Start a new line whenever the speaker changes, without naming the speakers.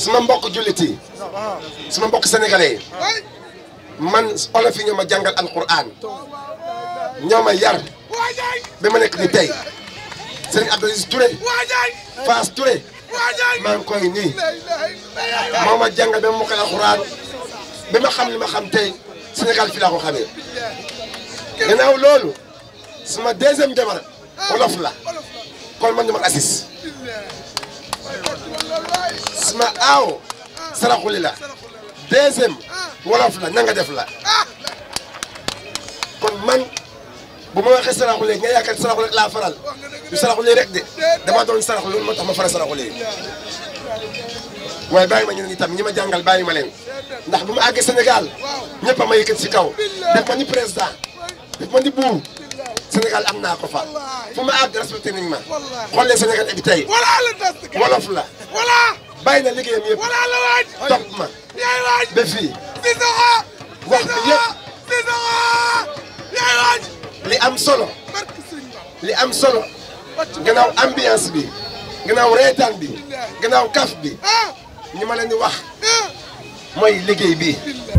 suma mbokk juliti suma mbokk sénégalais man olof yi ñoma jangal alquran ñoma yar ba ma nek ni tay Serigne Abdou Touré fas Touré maa ngi koy ni
moma jangal jàngal mu ko alquran
ba ma xam li ma xam tay Sénégal fi la ko xamé ginaaw loolu suma deuxième jabar wolof la kon man dama Aziz اسمع او سرا خليلا دازم ولا فلا نانغا ديفلا كون مان بوما واخي سرا خليلا نيا ياكل سرا خليلا لا فرال سرا خليلا ريك دي دابا دون سرا خليلا موتاخ ما فرا سرا خليلا واي باي ما نيو ني تام ني ما جانغال باي ما لين ناخ بوما اغي سنغال نيبا ما يكت سي كاو ديك ما ني بريزيدان ديك ما ني بو سنغال امنا كو فا فما اغ ريسبكتي ني ما
خول لي سنغال ابتاي ولا لا ولا فلا ولا
bàyyi na liggéeyam yëpp topp ma ba fii wax bi yëpp li am solo li am solo gannaaw ambiance bi gannaaw reetaan bi gannaaw kaf bi ñu ah. ma leen di wax ah. mooy liggéey bi